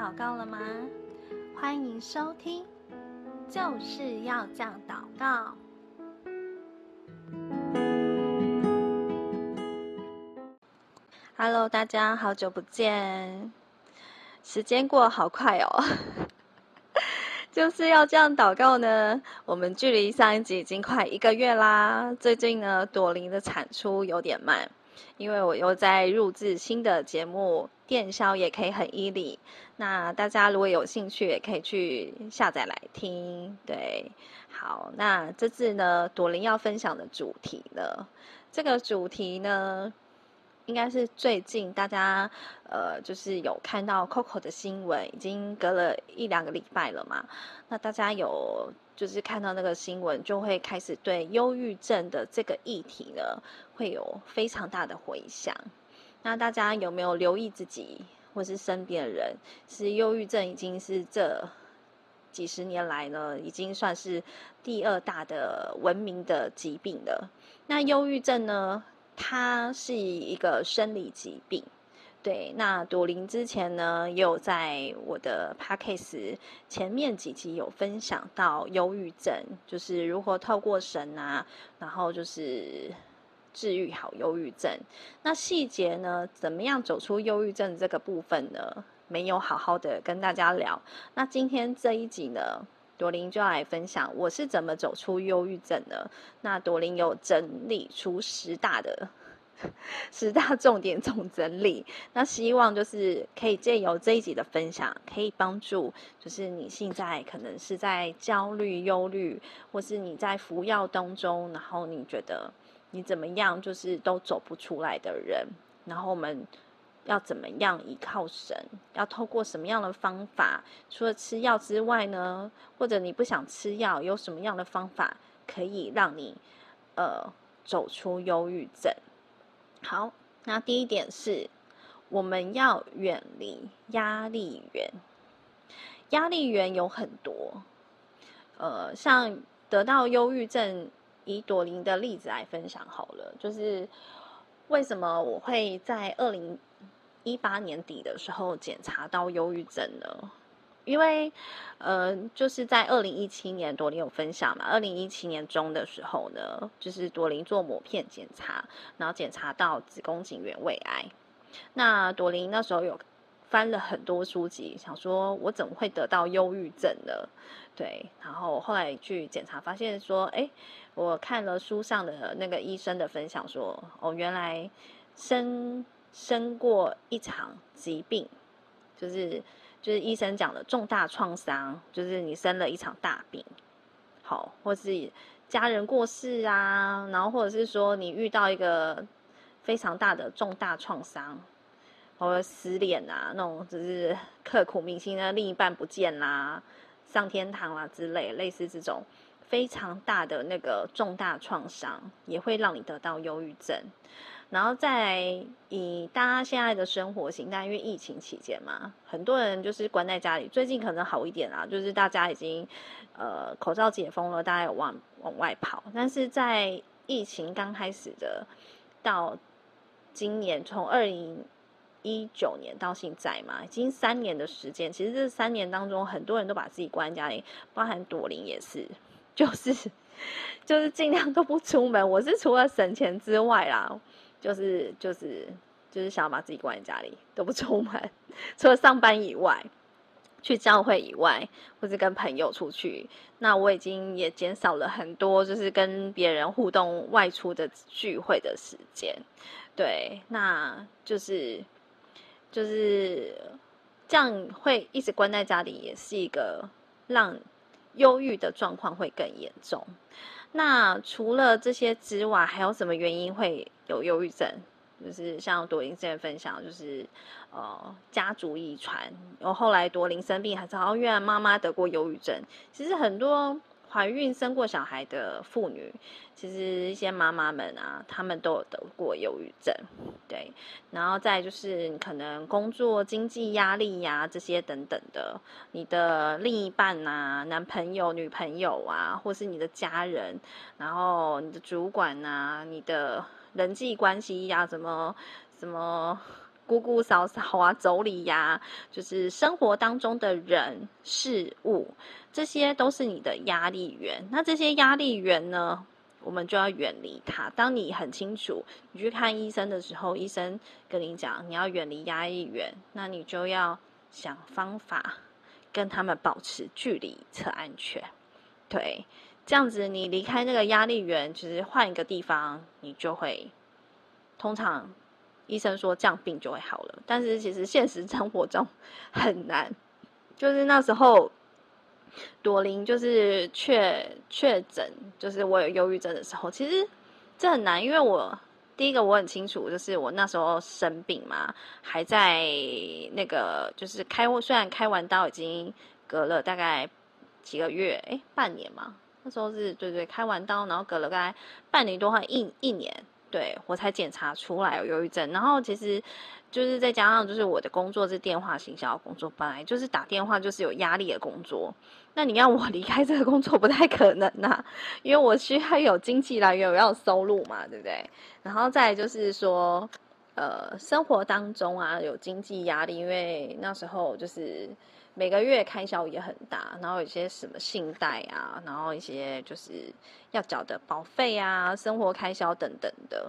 禱告了嗎？歡迎收聽，就是要這樣禱告。Hello，大家好久不見，時間過得好快哦。 就是要這樣禱告呢。我們距離上一集已經快一個月啦。最近呢，朵琳的產出有點慢，因為我又在錄製新的節目。電銷也可以很 easy。那大家如果有興趣，也可以去下載來聽。對，好，那這次呢，朵琳要分享的主題呢，這個主題呢，應該是最近大家呃，就是有看到 Coco 的新聞，已經隔了一兩個禮拜了嘛。那大家有就是看到那個新聞，就會開始對憂鬱症的這個議題呢，會有非常大的回響。那大家有沒有留意自己或是身邊的人是憂鬱症？已經是這幾十年來呢，已經算是第二大的文明的疾病了。那憂鬱症呢，它是一個生理疾病。對，那朵琳之前呢，也有在我的 Podcast 前面幾集有分享到憂鬱症，就是如何透過神啊，然後就是。治癒好憂鬱症，那細節呢？怎麼樣走出憂鬱症這個部分呢？沒有好好的跟大家聊。那今天這一集呢，朵琳就要來分享我是怎麼走出憂鬱症的。那朵琳有整理出十大的十大重點總整理。那希望就是可以借由這一集的分享，可以幫助就是你現在可能是在焦慮、憂慮，或是你在服藥當中，然後你覺得。你怎麼樣？就是都走不出來的人。然後我們要怎麼樣依靠神？要透過什麼樣的方法？除了吃藥之外呢？或者你不想吃藥，有什麼樣的方法可以讓你呃走出憂鬱症？好，那第一點是，我們要遠離壓力源。壓力源有很多，呃，像得到憂鬱症。以朵琳的例子來分享好了，就是為什麼我會在二零一八年底的時候檢查到憂鬱症呢？因為呃，就是在二零一七年，朵琳有分享嘛，二零一七年中的時候呢，就是朵琳做抹片檢查，然後檢查到子宮頸原位癌。那朵琳那時候有翻了很多書籍，想說我怎麼會得到憂鬱症呢？對，然後後來去檢查發現說，哎、欸。我看了書上的那個醫生的分享說，說哦，原來生生過一場疾病，就是就是醫生講的重大創傷，就是你生了一場大病，好，或是家人過世啊，然後或者是說你遇到一個非常大的重大創傷，或者失戀啊，那種就是刻骨銘心的另一半不見啦、啊，上天堂啦、啊、之類，類似這種。非常大的那個重大創傷，也會讓你得到憂鬱症。然後再來以大家現在的生活型態，因為疫情期間嘛，很多人就是關在家裡。最近可能好一點啦，就是大家已經呃口罩解封了，大家有往往外跑。但是在疫情剛開始的到今年，從二零一九年到現在嘛，已經三年的時間。其實這三年當中，很多人都把自己關在家裡，包含朵琳也是。就是，就是儘量都不出門。我是除了省錢之外啦，就是就是就是想要把自己關在家裡，都不出門。除了上班以外，去教會以外，或是跟朋友出去，那我已經也減少了很多，就是跟別人互動、外出的聚會的時間。對，那就是就是這樣，會一直關在家裡，也是一個讓。憂鬱的狀況會更嚴重。那除了這些之外，還有什麼原因會有憂鬱症？就是像朵琳之前分享，就是呃家族遺傳。我後來朵琳生病還，還是抱怨媽媽得過憂鬱症。其實很多。懷孕生過小孩的婦女，其實一些媽媽們啊，她們都有得過憂鬱症，對。然後再就是可能工作經濟壓力呀、啊、這些等等的，你的另一半啊，男朋友、女朋友啊，或是你的家人，然後你的主管啊，你的人際關係呀、啊，什麼什麼。姑姑、嫂嫂啊，妯娌呀，就是生活當中的人事物，這些都是你的壓力源。那這些壓力源呢，我們就要遠離它。當你很清楚，你去看醫生的時候，醫生跟你講你要遠離壓力源，那你就要想方法跟他們保持距離才安全。對，這樣子你離開那個壓力源，其實換一個地方，你就會通常。醫生說這樣病就會好了，但是其實現實生活中很難。就是那時候，朵琳就是確確診，就是我有憂鬱症的時候，其實這很難，因為我第一個我很清楚，就是我那時候生病嘛，還在那個就是開，雖然開完刀已經隔了大概幾個月，哎、欸，半年嘛，那時候是對對對，開完刀然後隔了大概半年多，還一一年。對，我才檢查出來有憂鬱症，然後其實就是再加上就是我的工作是電話行銷工作，本來就是打電話就是有壓力的工作，那你要我離開這個工作不太可能吶、啊，因為我需要有經濟來源，我要有收入嘛，對不對？然後再來就是說。呃，生活當中啊，有經濟壓力，因為那時候就是每個月開銷也很大，然後有些什麼信貸啊，然後一些就是要繳的保費啊，生活開銷等等的。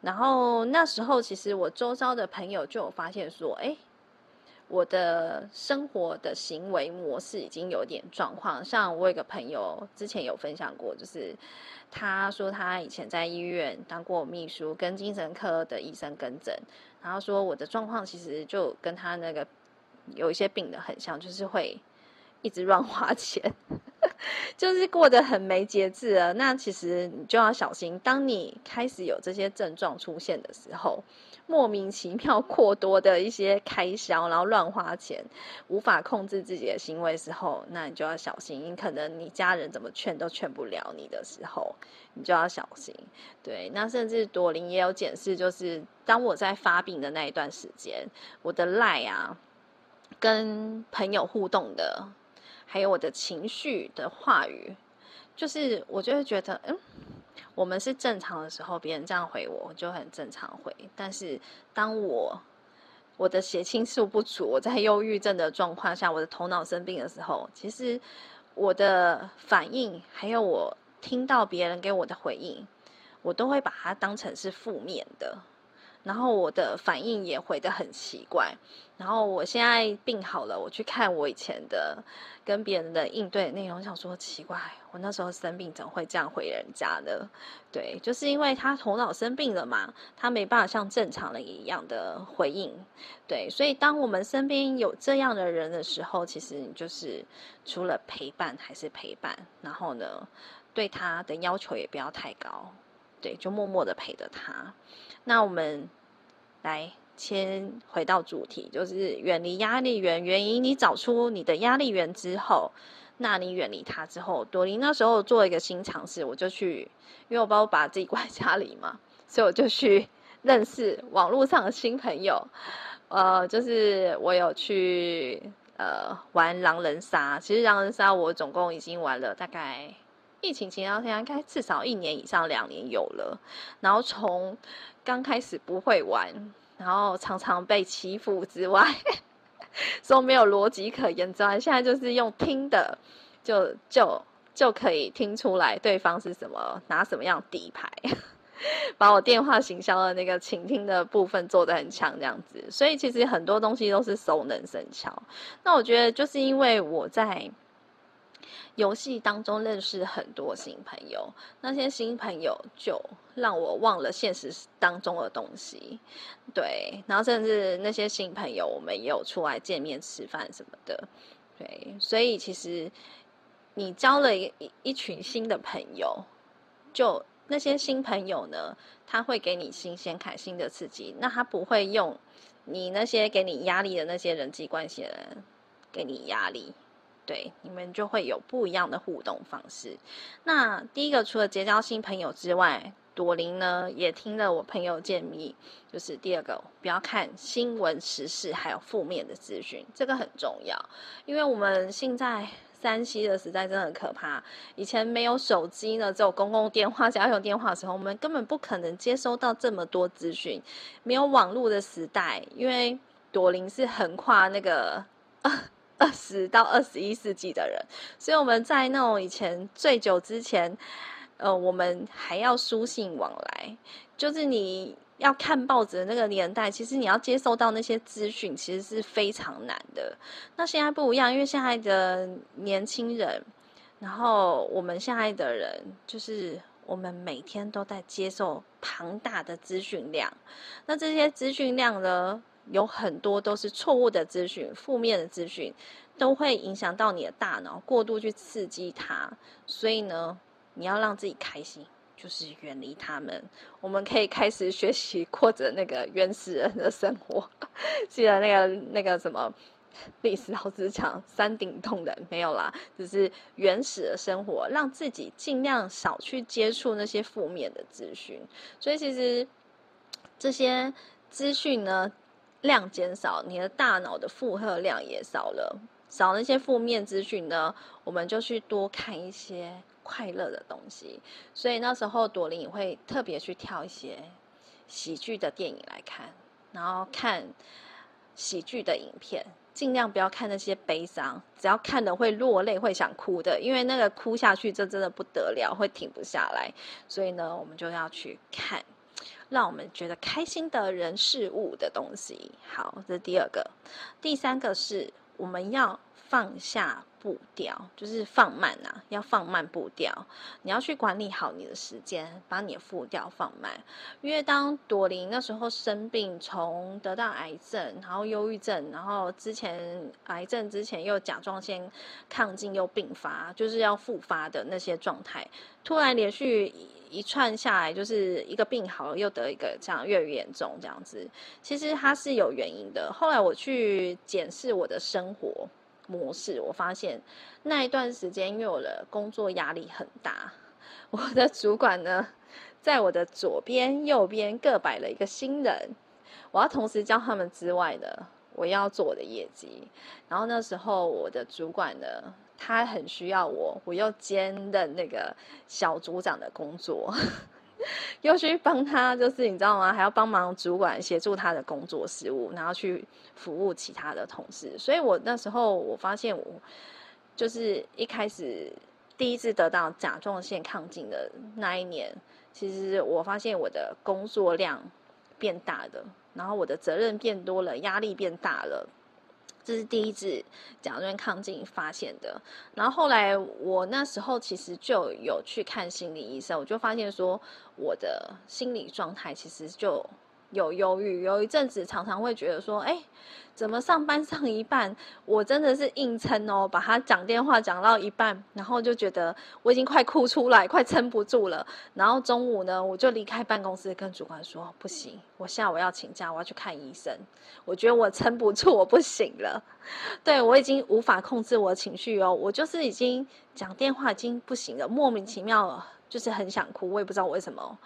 然後那時候，其實我周遭的朋友就有發現說，哎、欸。我的生活的行為模式已經有點狀況，像我有個朋友之前有分享過，就是他說他以前在醫院當過秘書，跟精神科的醫生跟診，然後說我的狀況其實就跟他那個有一些病的很像，就是會一直亂花錢，就是過得很沒節制啊。那其實你就要小心，當你開始有這些症狀出現的時候。莫名其妙過多的一些開銷，然後亂花錢，無法控制自己的行為的時候，那你就要小心。因為可能你家人怎麼勸都勸不了你的時候，你就要小心。對，那甚至朵琳也有解釋，就是當我在發病的那一段時間，我的賴啊，跟朋友互動的，還有我的情緒的話語，就是我就會覺得，嗯。我們是正常的時候，別人這樣回我，我就很正常回。但是當我我的血清素不足，我在憂鬱症的狀況下，我的頭腦生病的時候，其實我的反應還有我聽到別人給我的回應，我都會把它當成是負面的。然後我的反應也回得很奇怪，然後我現在病好了，我去看我以前的跟別人的應對的內容，想說奇怪，我那時候生病怎麼會這樣回人家呢？對，就是因為他頭腦生病了嘛，他沒辦法像正常人一樣的回應。對，所以當我們身邊有這樣的人的時候，其實你就是除了陪伴還是陪伴。然後呢，對他的要求也不要太高，對，就默默的陪着他。那我們來先回到主題，就是遠離壓力源。原因你找出你的壓力源之後，那你遠離它之後，多林那時候做一個新嘗試，我就去，因為我把我把自己關在家裡嘛，所以我就去認識網絡上的新朋友。呃，就是我有去呃玩狼人殺，其實狼人殺我總共已經玩了大概。疫情前到現在，應該至少一年以上，兩年有了。然後從剛開始不會玩，然後常常被欺負之外， 說沒有邏輯可言之外，現在就是用聽的，就就就可以聽出來對方是什麼拿什麼樣底牌， 把我電話行銷的那個傾聽的部分做得很強這樣子。所以其實很多東西都是熟能生巧。那我覺得就是因為我在。遊戲當中認識很多新朋友，那些新朋友就讓我忘了現實當中的東西，對，然後甚至那些新朋友，我們也有出來見面吃飯什麼的，對，所以其實你交了一一群新的朋友，就那些新朋友呢，他會給你新鮮感、新的刺激，那他不會用你那些給你壓力的那些人際關係的人給你壓力。對，你們就會有不一樣的互動方式。那第一個，除了結交新朋友之外，朵琳呢也聽了我朋友建議，就是第二個，不要看新聞時事還有負面的資訊，這個很重要。因為我們現在 3C 的時代真的很可怕。以前沒有手機呢，只有公共電話，只要有電話的時候，我們根本不可能接收到這麼多資訊。沒有網絡的時代，因為朵琳是橫跨那個。啊二十到二十一世紀的人，所以我們在那種以前最久之前，呃，我們還要書信往來，就是你要看報紙的那個年代，其實你要接受到那些資訊，其實是非常難的。那現在不一樣，因為現在的年輕人，然後我們現在的人，就是我們每天都在接受龐大的資訊量，那這些資訊量呢？有很多都是錯誤的資訊，負面的資訊都會影響到你的大腦，過度去刺激它。所以呢，你要讓自己開心，就是遠離他們。我們可以開始學習過著那個原始人的生活，記得那個那個什麼歷史老師講山頂洞人沒有啦，只是原始的生活，讓自己儘量少去接觸那些負面的資訊。所以其實這些資訊呢，量減少，你的大腦的負荷量也少了。少那些負面資訊呢，我們就去多看一些快樂的東西。所以那時候朵林也會特別去挑一些喜劇的電影來看，然後看喜劇的影片，儘量不要看那些悲傷，只要看了會落淚、會想哭的，因為那個哭下去這真的不得了，會停不下來。所以呢，我們就要去看。讓我們覺得開心的人、事物的東西。好，這是第二個。第三個是，我們要放下步調，就是放慢啊，要放慢步調。你要去管理好你的時間，把你的步調放慢。因為當朵琳那時候生病，從得到癌症，然後憂鬱症，然後之前癌症之前又甲狀腺亢進又病發，就是要復發的那些狀態，突然連續。一串下來就是一個病好了，又得一個，這樣，越越嚴重這樣子。其實它是有原因的。後來我去檢視我的生活模式，我發現那一段時間因為我的工作壓力很大，我的主管呢，在我的左邊、右邊各擺了一個新人，我要同時教他們之外的，我要做我的業績。然後那時候我的主管呢。他很需要我，我又兼任那個小組長的工作，又去幫他，就是你知道嗎？還要幫忙主管協助他的工作事務，然後去服務其他的同事。所以我那時候我發現，我就是一開始第一次得到甲狀腺亢進的那一年，其實我發現我的工作量變大了，然後我的責任變多了，壓力變大了。這是第一次甲狀腺亢進發現的，然後後來我那時候其實就有去看心理醫生，我就發現說我的心理狀態其實就，有憂鬱，有一陣子常常會覺得說：“哎，怎麼上班上一半，我真的是硬撐哦，把他講電話講到一半，然後就覺得我已經快哭出來，快撐不住了。然後中午呢，我就離開辦公室，跟主管說：不行，我下午要請假，我要去看醫生。我覺得我撐不住，我不行了。對，我已經無法控制我的情緒哦，我就是已經講電話已經不行了，莫名其妙了，就是很想哭，我也不知道為什麼。”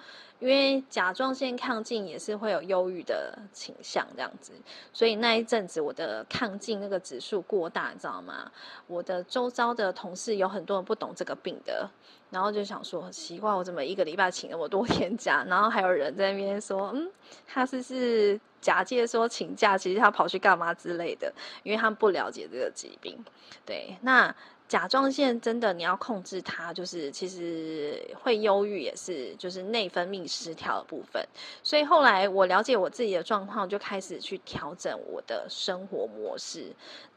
因為甲狀腺亢進也是會有憂鬱的傾向這樣子，所以那一陣子我的亢進那個指數過大，你知道嗎？我的周遭的同事有很多人不懂這個病的，然後就想說很奇怪，我怎麼一個禮拜請那麼多天假？然後還有人在那邊說，嗯，他是不是假借說請假，其實他跑去幹嘛之類的，因為他們不了解這個疾病。對，那。甲狀腺真的，你要控制它，就是其實會憂鬱，也是就是內分泌失調的部分。所以後來我了解我自己的狀況，就開始去調整我的生活模式。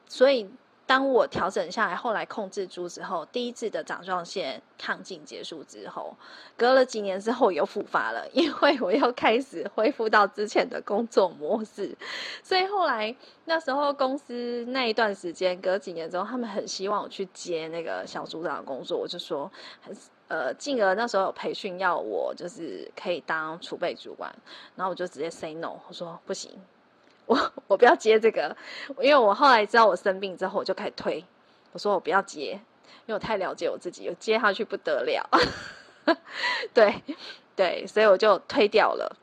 所以。當我調整下來，後來控制住之後，第一次的甲狀腺亢進結束之後，隔了幾年之後又復發了，因為我又開始恢復到之前的工作模式，所以後來那時候公司那一段時間隔幾年之後，他們很希望我去接那個小組長的工作，我就說，呃，進而那時候有培訓要我就是可以當儲備主管，然後我就直接 say no，我說不行。我我不要接這個，因為我後來知道我生病之後，我就開始推。我說我不要接，因為我太了解我自己，我接下去不得了。呵呵對對，所以我就推掉了。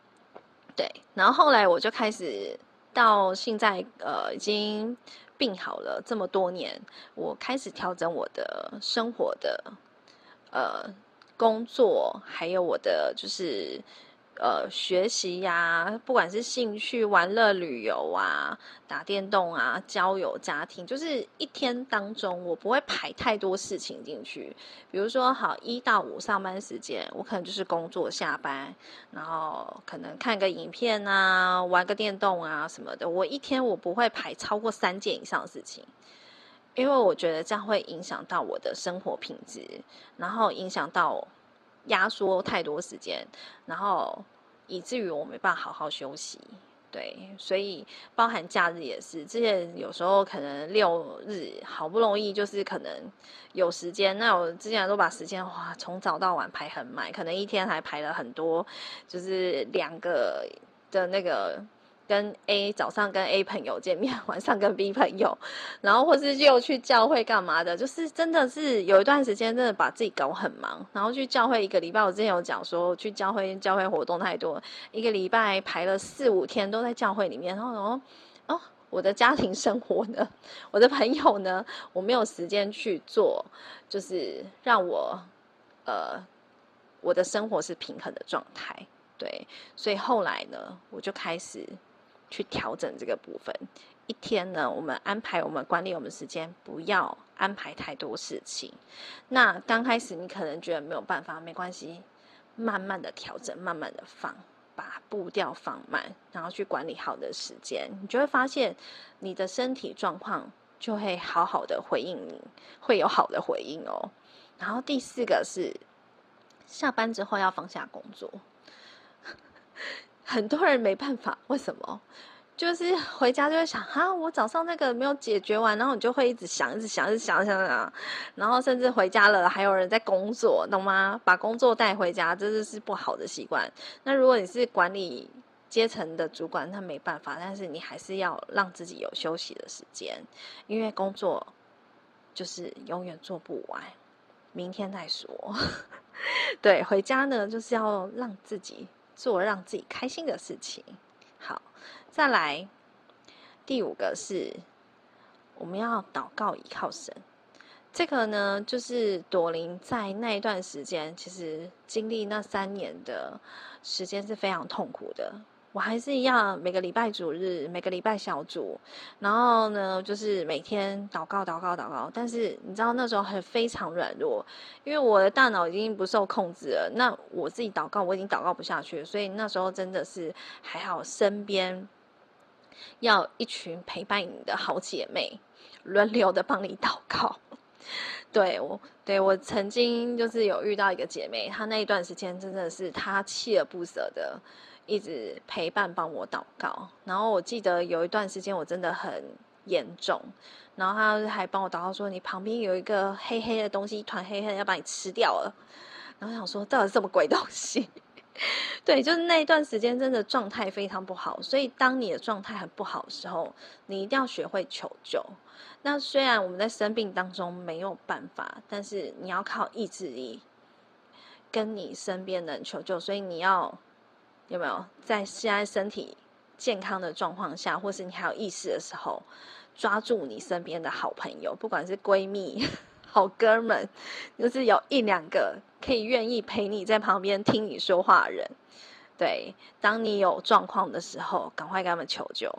對，然後後來我就開始到現在呃，已經病好了這麼多年，我開始調整我的生活的、的呃工作，還有我的就是。呃，學習呀、啊，不管是興趣、玩樂、旅遊啊，打電動啊，交友、家庭，就是一天當中，我不會排太多事情進去。比如說好，好一到五上班時間，我可能就是工作下班，然後可能看個影片啊，玩個電動啊什麼的。我一天我不會排超過三件以上的事情，因為我覺得這樣會影響到我的生活品質，然後影響到我。壓縮太多時間，然後以至於我沒辦法好好休息，對，所以包含假日也是。之前有時候可能六日好不容易就是可能有時間，那我之前都把時間哇從早到晚排很滿，可能一天還排了很多，就是兩個的那個。跟 A 早上跟 A 朋友見面，晚上跟 B 朋友，然後或是又去教會幹嘛的，就是真的是有一段時間，真的把自己搞很忙，然後去教會一個禮拜。我之前有講說去教會，教會活動太多，一個禮拜排了四五天都在教會裡面，然後然後，哦哦，我的家庭生活呢，我的朋友呢，我沒有時間去做，就是讓我呃我的生活是平衡的狀態。對，所以後來呢，我就開始。去調整這個部分。一天呢，我們安排我們管理我們時間，不要安排太多事情。那剛開始你可能覺得沒有辦法，沒關係，慢慢的調整，慢慢的放，把步調放慢，然後去管理好的時間，你就會發現你的身體狀況就會好好的回應你，會有好的回應哦。然後第四個是下班之後要放下工作。 很多人沒辦法，為什麼？就是回家就會想啊，我早上那個沒有解決完，然後你就會一直想，一直想，一直想，想想，然後甚至回家了還有人在工作，懂嗎？把工作帶回家，真的是不好的習慣。那如果你是管理階層的主管，他沒辦法，但是你還是要讓自己有休息的時間，因為工作就是永遠做不完，明天再說。 對，回家呢，就是要讓自己。做讓自己開心的事情。好，再來第五個是，我們要禱告依靠神。這個呢，就是朵琳在那一段時間，其實經歷那三年的時間是非常痛苦的。我還是一樣，每個禮拜主日，每個禮拜小組，然後呢，就是每天禱告，禱告，禱告。但是你知道，那時候很非常軟弱，因為我的大腦已經不受控制了。那我自己禱告，我已經禱告不下去。所以那時候真的是還好，身邊要一群陪伴你的好姐妹，輪流的幫你禱告。對我，對我曾經就是有遇到一個姐妹，她那一段時間真的是她鍥而不捨的。一直陪伴幫我禱告，然後我記得有一段時間我真的很嚴重，然後他還幫我禱告說：“你旁邊有一個黑黑的東西，一團黑黑的要把你吃掉了。”然後想說到底是什麼鬼東西？ 對，就是那一段時間真的狀態非常不好。所以當你的狀態很不好的時候，你一定要學會求救。那雖然我們在生病當中沒有辦法，但是你要靠意志力跟你身邊的人求救。所以你要。有沒有在現在身體健康的狀況下，或是你還有意識的時候，抓住你身邊的好朋友，不管是閨蜜、好哥們，就是有一兩個可以願意陪你在旁邊聽你說話的人，對，當你有狀況的時候，趕快跟他們求救，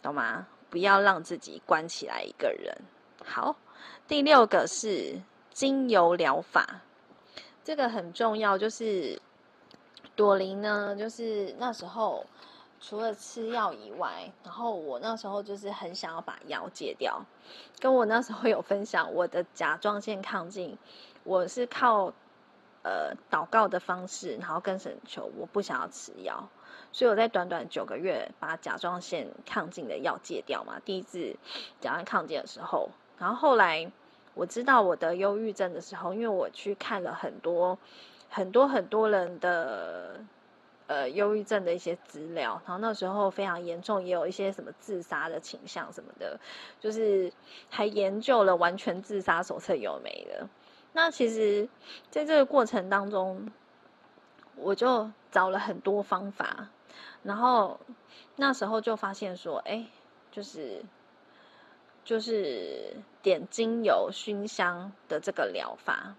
懂嗎？不要讓自己關起來一個人。好，第六個是精油療法，這個很重要，就是。朵琳呢，就是那時候除了吃藥以外，然後我那時候就是很想要把藥戒掉，跟我那時候有分享我的甲狀腺亢進，我是靠呃禱告的方式，然後跟神求我不想要吃藥，所以我在短短九個月把甲狀腺亢進的藥戒掉嘛。第一次甲狀腺亢進的時候，然後後來我知道我得憂鬱症的時候，因為我去看了很多。很多很多人的呃憂鬱症的一些資料，然後那時候非常嚴重，也有一些什麼自殺的傾向什麼的，就是還研究了完全自殺手冊有沒的。那其實在這個過程當中，我就找了很多方法，然後那時候就發現說，哎、欸，就是就是點精油熏香的這個療法，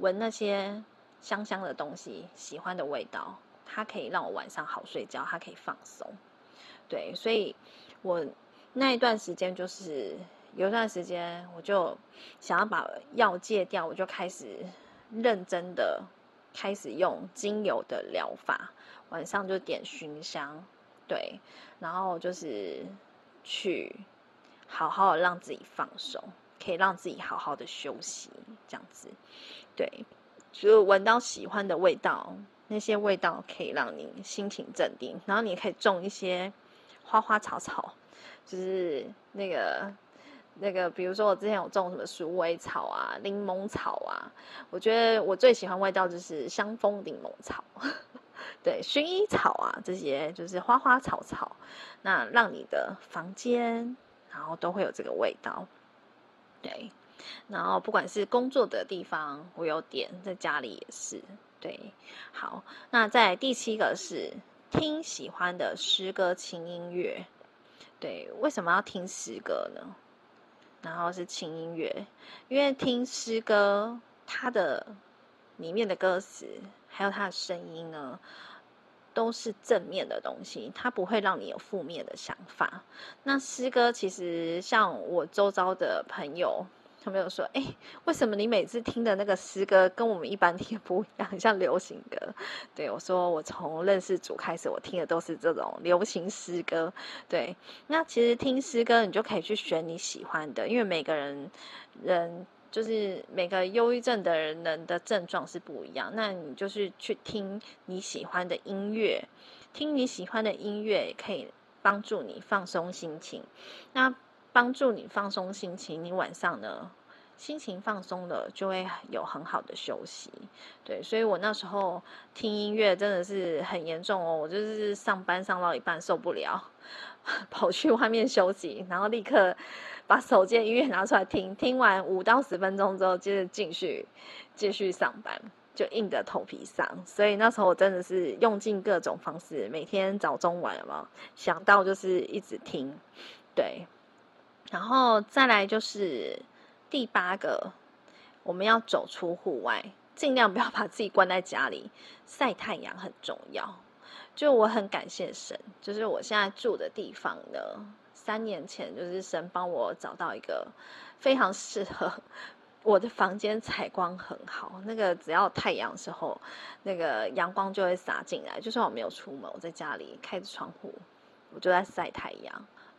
聞那些。香香的東西，喜歡的味道，它可以讓我晚上好睡覺，它可以放鬆。對，所以我那一段時間就是有一段時間，我就想要把藥戒掉，我就開始認真的開始用精油的療法，晚上就點熏香，對，然後就是去好好的讓自己放鬆，可以讓自己好好的休息，這樣子，對。就聞到喜歡的味道，那些味道可以讓你心情鎮定。然後你可以種一些花花草草，就是那個那個，比如說我之前有種什麼鼠尾草啊、檸檬草啊。我覺得我最喜歡味道就是香蜂檸檬草，對，薰衣草啊這些就是花花草草，那讓你的房間然後都會有這個味道，對。然後，不管是工作的地方，我有點在家裡也是，對。好，那在第七個是聽喜歡的詩歌、輕音樂。對，為什麼要聽詩歌呢？然後是輕音樂，因為聽詩歌，它的裡面的歌詞還有它的聲音呢，都是正面的東西，它不會讓你有負面的想法。那詩歌其實像我周遭的朋友。他們有說：“哎，為什麼你每次聽的那個詩歌跟我們一般聽的不一樣，像流行歌？”對，我說：“我從認識主開始，我聽的都是這種流行詩歌。”對，那其實聽詩歌你就可以去選你喜歡的，因為每個人人就是每個憂鬱症的人人的症狀是不一樣。那你就是去聽你喜歡的音樂，聽你喜歡的音樂可以幫助你放鬆心情。那。幫助你放鬆心情，你晚上呢，心情放鬆了，就會有很好的休息。對，所以我那時候聽音樂真的是很嚴重哦，我就是上班上到一半受不了，跑去外面休息，然後立刻把手機音樂拿出來聽，聽完五到十分鐘之後，接着繼續繼續上班，就硬着頭皮上。所以那時候我真的是用盡各種方式，每天早中晚有沒有想到就是一直聽，對。然後再來就是第八個，我們要走出戶外，盡量不要把自己關在家裡。曬太陽很重要。就我很感謝神，就是我現在住的地方呢，三年前就是神幫我找到一個非常適合我的房間，採光很好。那個只要太陽的時候，那個陽光就會灑進來。就算我沒有出門，我在家裡開着窗戶，我就在曬太陽。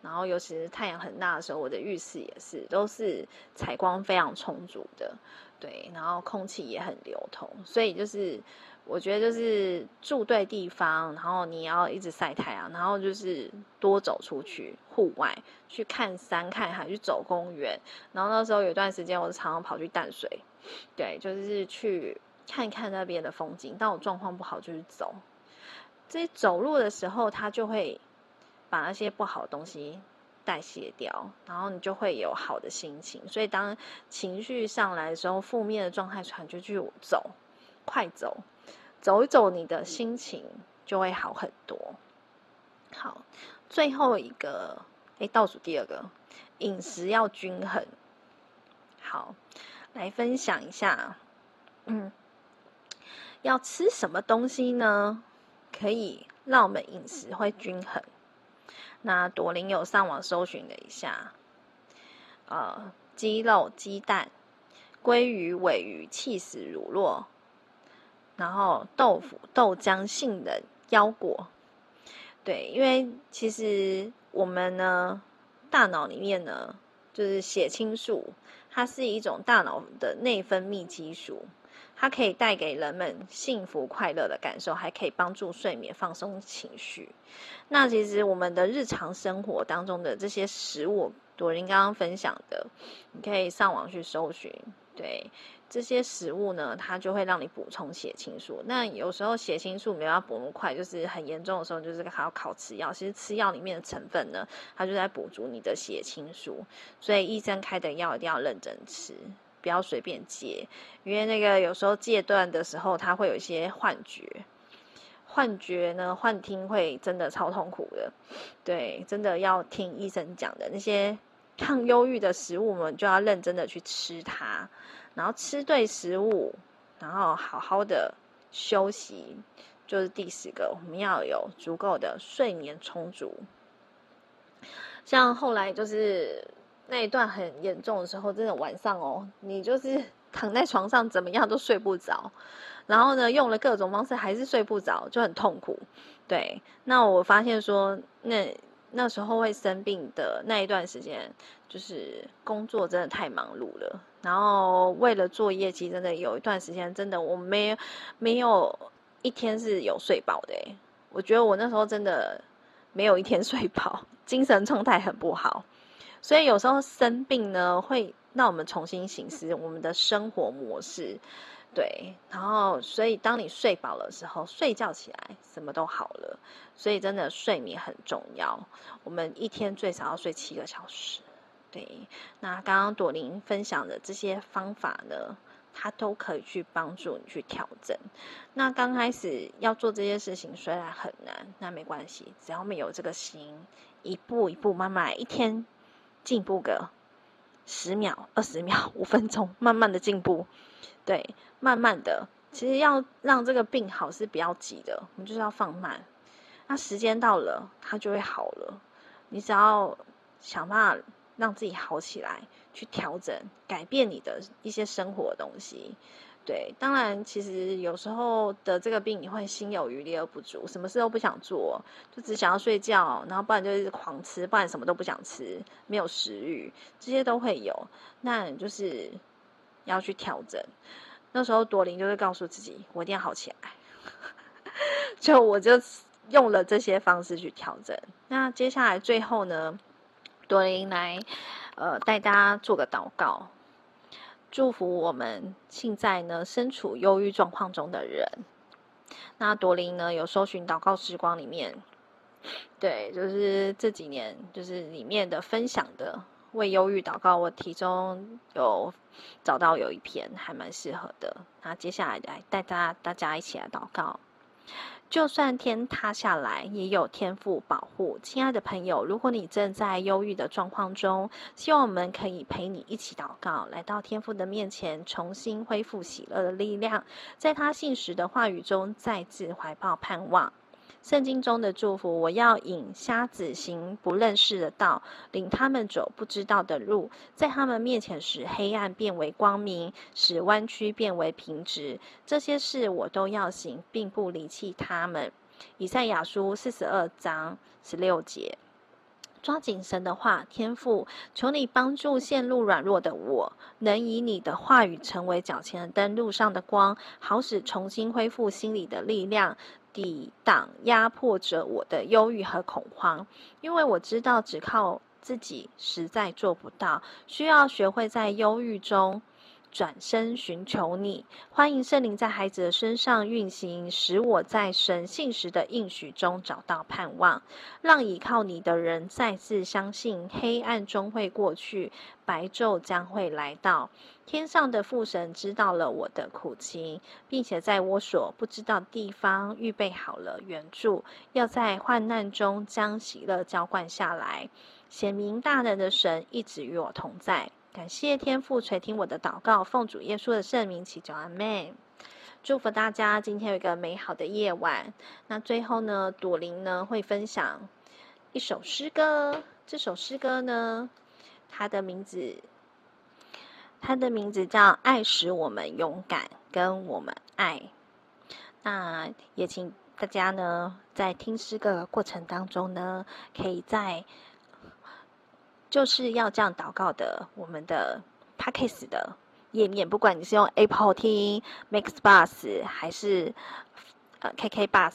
然後，尤其是太陽很大的時候，我的浴室也是都是採光非常充足的，對，然後空氣也很流通，所以就是我覺得就是住對地方，然後你要一直曬太陽，然後就是多走出去戶外去看山看海，去走公園。然後那時候有一段時間，我常常跑去淡水，對，就是去看看那邊的風景。但我狀況不好，就是走。這走路的時候，他就會。把那些不好的東西代謝掉，然後你就會有好的心情。所以，當情緒上來的時候，負面的狀態，就去走，快走，走一走，你的心情就會好很多。好，最後一個，哎，倒數第二個，飲食要均衡。好，來分享一下，嗯，要吃什麼東西呢？可以讓我們飲食會均衡。那朵林有上網搜尋了一下，呃，雞肉、雞蛋、鮭魚、鮪魚、起司乳酪，然後豆腐、豆漿、杏仁、腰果，對，因為其實我們呢，大腦裡面呢，就是血清素，它是一種大腦的內分泌激素。它可以帶給人們幸福快樂的感受，還可以幫助睡眠、放鬆情緒。那其實我們的日常生活當中的這些食物，朵林剛剛分享的，你可以上網去搜尋。對，這些食物呢，它就會讓你補充血清素。那有時候血清素沒有要補那麼快，就是很嚴重的時候，就是還要靠吃藥。其實吃藥裡面的成分呢，它就在補足你的血清素。所以醫生開的藥一定要認真吃。不要隨便戒，因為那個有時候戒斷的時候，他會有一些幻覺，幻覺呢，幻聽會真的超痛苦的。對，真的要聽醫生講的那些抗憂鬱的食物，我們就要認真的去吃它，然後吃對食物，然後好好的休息，就是第十個，我們要有足夠的睡眠充足。像後來就是。那一段很嚴重的時候，真的晚上哦，你就是躺在床上怎麼樣都睡不着，然後呢，用了各種方式還是睡不着，就很痛苦。對，那我發現說，那那時候會生病的那一段時間，就是工作真的太忙碌了，然後為了做業績，真的有一段時間真的我沒沒有一天是有睡飽的、欸。我覺得我那時候真的沒有一天睡飽，精神狀態很不好。所以有時候生病呢，會讓我們重新省思我們的生活模式，對。然後，所以當你睡飽的時候，睡覺起來什麼都好了。所以真的睡眠很重要，我們一天最少要睡七個小時。對。那剛剛朵琳分享的這些方法呢，它都可以去幫助你去調整。那剛開始要做這些事情雖然很難，那沒關係，只要我們有這個心，一步一步，慢慢來一天，進步個十秒、二十秒、五分鐘，慢慢的進步。對，慢慢的，其實要讓這個病好是不要急的，我們就是要放慢。那時間到了，它就會好了。你只要想辦法讓自己好起來，去調整、改變你的一些生活的東西。對，當然，其實有時候得這個病，你會心有餘力而不足，什麼事都不想做，就只想要睡覺，然後不然就一直狂吃，不然什麼都不想吃，沒有食欲，這些都會有。那就是要去調整。那時候，朵琳就會告訴自己，我一定要好起來。 就我就用了這些方式去調整。那接下來最後呢，朵琳來呃帶大家做個禱告。祝福我們現在呢身處憂鬱狀況中的人。那朵琳呢有搜尋禱告時光裡面，對，就是這幾年就是裡面的分享的為憂鬱禱告，我其中有找到有一篇還蠻適合的。那接下來來帶大家大家一起來禱告。就算天塌下來，也有天父保護。親愛的朋友，如果你正在憂鬱的狀況中，希望我們可以陪你一起禱告，來到天父的面前，重新恢復喜樂的力量，在他信實的話語中，再次懷抱盼望。聖經中的祝福，我要引瞎子行不認識的道，領他們走不知道的路，在他們面前使黑暗變為光明，使彎曲變為平直。這些事我都要行，並不離棄他們。以賽亞書四十二章十六節。抓緊神的話，天父，求你幫助陷入軟弱的我，能以你的話語成為腳前的燈，路上的光，好使重新恢復心理的力量。抵擋壓迫着我的憂鬱和恐慌，因為我知道只靠自己實在做不到，需要學會在憂鬱中，轉身尋求你，歡迎聖靈在孩子的身上運行，使我在神信實的應許中找到盼望。讓倚靠你的人再次相信，黑暗終會過去，白晝將會來到。天上的父神知道了我的苦情，並且在我所不知道的地方預備好了援助，要在患難中將喜樂澆灌下來。顯明大能的神一直與我同在。感謝天父垂聽我的禱告，奉主耶穌的聖名祈求，阿門。祝福大家今天有一個美好的夜晚。那最後呢，朵琳呢會分享一首詩歌。這首詩歌呢，它的名字，它的名字叫《愛使我們勇敢》，跟我們愛。那也請大家呢，在聽詩歌的過程當中呢，可以在。就是要這樣禱告的。我們的 Podcast 的頁面，不管你是用 Apple T、MixBox 還是呃 KKBox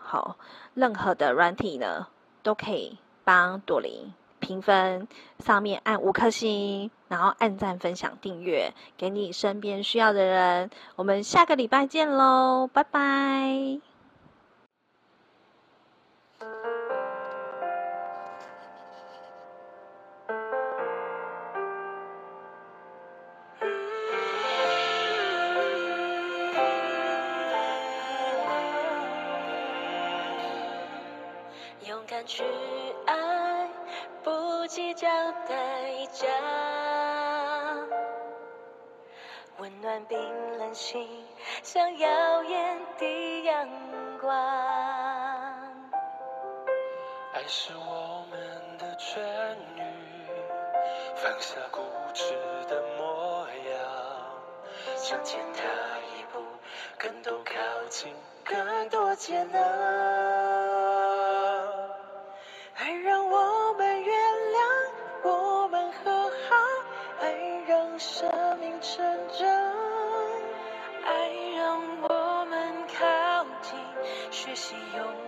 好，任何的軟體呢都可以幫朵琳評分，上面按五顆星，然後按讚、分享、訂閱，給你身邊需要的人。我們下個禮拜見嘍，拜拜。勇敢去愛，不計較代價。溫暖冰冷心，像耀眼的陽光。愛是我們的唇語，放下固執的模樣。向前踏一步，更多靠近，更多接納。愛讓我們原諒，我們和好，愛讓生命成長，愛讓我們靠近，學習勇。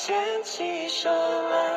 牽起手來。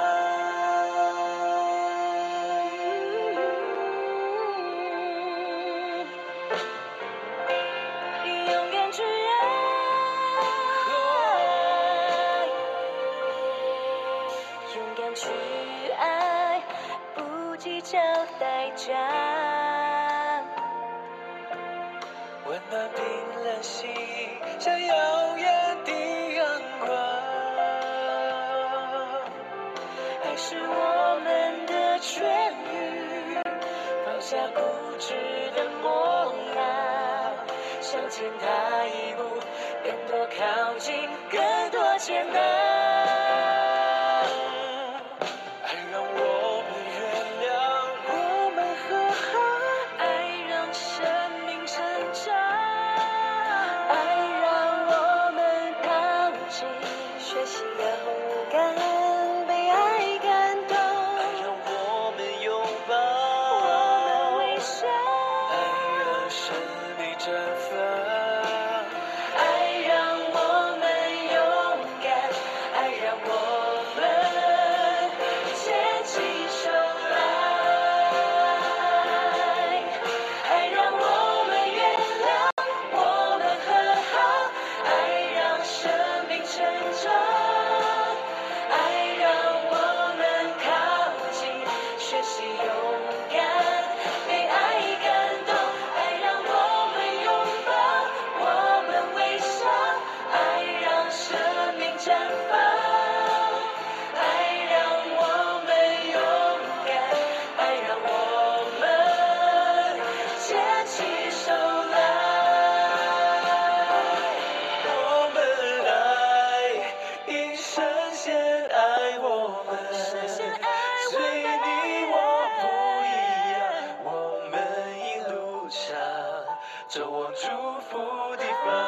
祝福的。